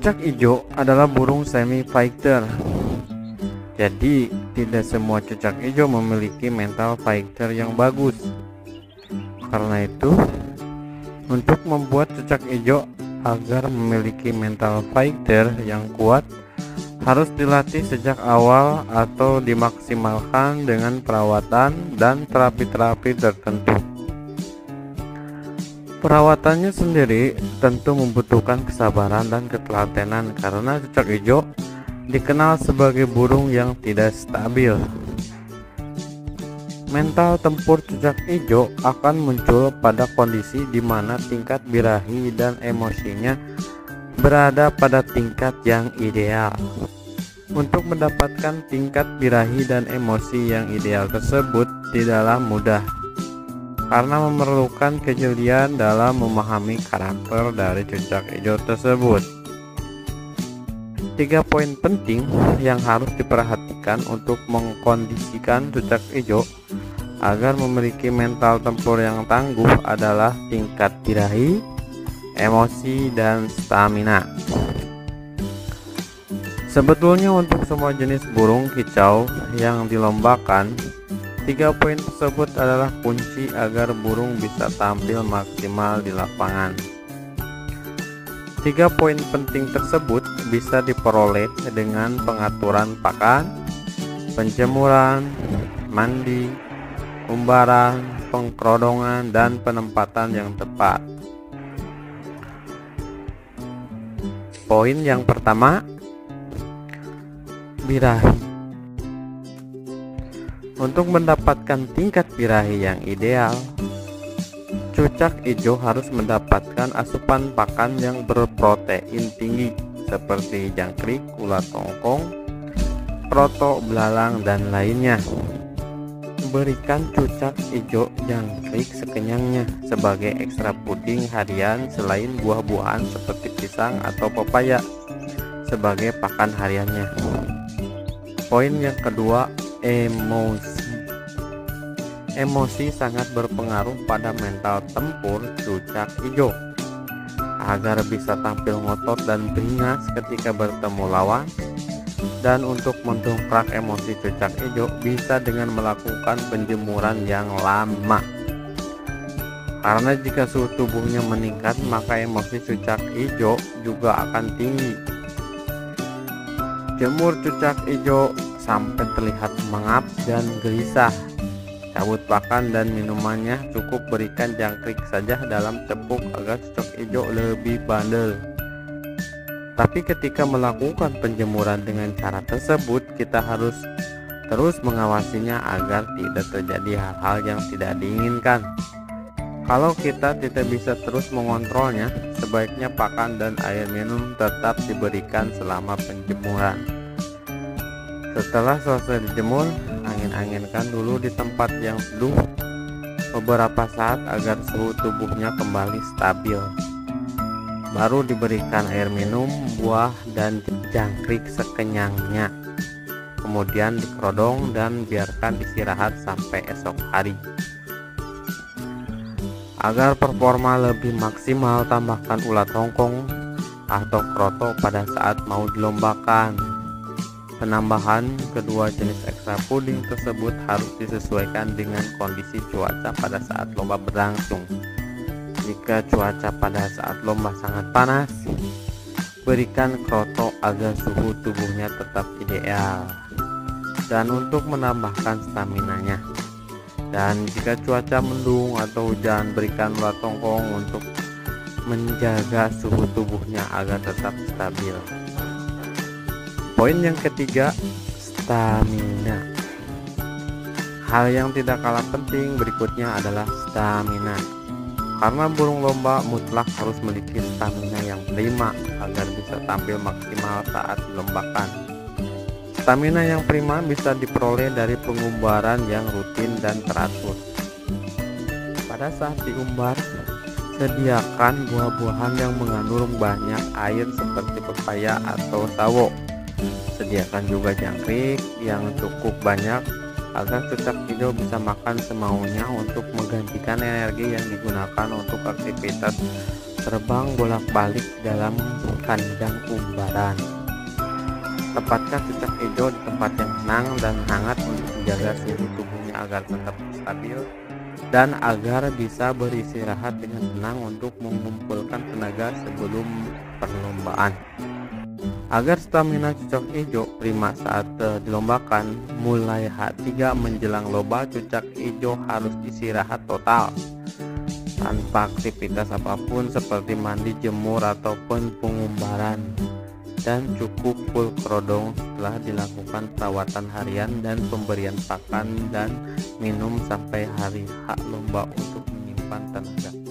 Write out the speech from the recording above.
Cecak ijo adalah burung semi-fighter. Jadi, tidak semua cecak ijo memiliki mental fighter yang bagus. Karena itu, untuk membuat cecak ijo agar memiliki mental fighter yang kuat, harus dilatih sejak awal atau dimaksimalkan dengan perawatan dan terapi-terapi tertentu. Perawatannya sendiri tentu membutuhkan kesabaran dan ketelatenan karena cucak hijau dikenal sebagai burung yang tidak stabil. Mental tempur cucak hijau akan muncul pada kondisi di mana tingkat birahi dan emosinya berada pada tingkat yang ideal. Untuk mendapatkan tingkat birahi dan emosi yang ideal tersebut tidaklah mudah karena memerlukan kejelian dalam memahami karakter dari cucak hijau tersebut. Tiga poin penting yang harus diperhatikan untuk mengkondisikan cucak hijau agar memiliki mental tempur yang tangguh adalah tingkat birahi, emosi, dan stamina. Sebetulnya untuk semua jenis burung kicau yang dilombakan Tiga poin tersebut adalah kunci agar burung bisa tampil maksimal di lapangan. Tiga poin penting tersebut bisa diperoleh dengan pengaturan pakan, penjemuran, mandi, umbaran, pengkerodongan, dan penempatan yang tepat. Poin yang pertama, birahi untuk mendapatkan tingkat birahi yang ideal, cucak hijau harus mendapatkan asupan pakan yang berprotein tinggi seperti jangkrik, ular tongkong, proto, belalang, dan lainnya. Berikan cucak hijau jangkrik sekenyangnya sebagai ekstra puding harian selain buah-buahan seperti pisang atau pepaya sebagai pakan hariannya. Poin yang kedua, emosi Emosi sangat berpengaruh pada mental tempur cucak hijau. Agar bisa tampil ngotot dan beringas ketika bertemu lawan, dan untuk mendongkrak emosi cucak hijau bisa dengan melakukan penjemuran yang lama karena jika suhu tubuhnya meningkat maka emosi cucak hijau juga akan tinggi jemur cucak hijau sampai terlihat mengap dan gelisah Cabut pakan dan minumannya cukup berikan jangkrik saja dalam tepung agar stok hijau lebih bandel. Tapi ketika melakukan penjemuran dengan cara tersebut, kita harus terus mengawasinya agar tidak terjadi hal-hal yang tidak diinginkan. Kalau kita tidak bisa terus mengontrolnya, sebaiknya pakan dan air minum tetap diberikan selama penjemuran. Setelah selesai dijemur, angin-anginkan dulu di tempat yang teduh beberapa saat agar suhu tubuhnya kembali stabil. Baru diberikan air minum, buah, dan jangkrik sekenyangnya. Kemudian dikerodong dan biarkan istirahat sampai esok hari. Agar performa lebih maksimal, tambahkan ulat hongkong atau kroto pada saat mau dilombakan. Penambahan kedua jenis ekstra puding tersebut harus disesuaikan dengan kondisi cuaca pada saat lomba berlangsung. Jika cuaca pada saat lomba sangat panas, berikan kroto agar suhu tubuhnya tetap ideal dan untuk menambahkan stamina nya. Dan jika cuaca mendung atau hujan, berikan ulat tongkong untuk menjaga suhu tubuhnya agar tetap stabil. Poin yang ketiga, stamina. Hal yang tidak kalah penting berikutnya adalah stamina. Karena burung lomba mutlak harus memiliki stamina yang prima agar bisa tampil maksimal saat dilombakan. Stamina yang prima bisa diperoleh dari pengumbaran yang rutin dan teratur. Pada saat diumbar, sediakan buah-buahan yang mengandung banyak air seperti pepaya atau sawo sediakan juga jangkrik yang cukup banyak agar tetap hijau bisa makan semaunya untuk menggantikan energi yang digunakan untuk aktivitas terbang bolak-balik dalam kandang umbaran. Tempatkan cicak hijau di tempat yang tenang dan hangat untuk menjaga suhu tubuhnya agar tetap stabil dan agar bisa beristirahat dengan tenang untuk mengumpulkan tenaga sebelum perlombaan. Agar stamina cucak hijau prima saat uh, dilombakan, mulai H3 menjelang lomba cucak hijau harus istirahat total tanpa aktivitas apapun seperti mandi jemur ataupun pengumbaran dan cukup full kerodong setelah dilakukan perawatan harian dan pemberian pakan dan minum sampai hari hak lomba untuk menyimpan tenaga.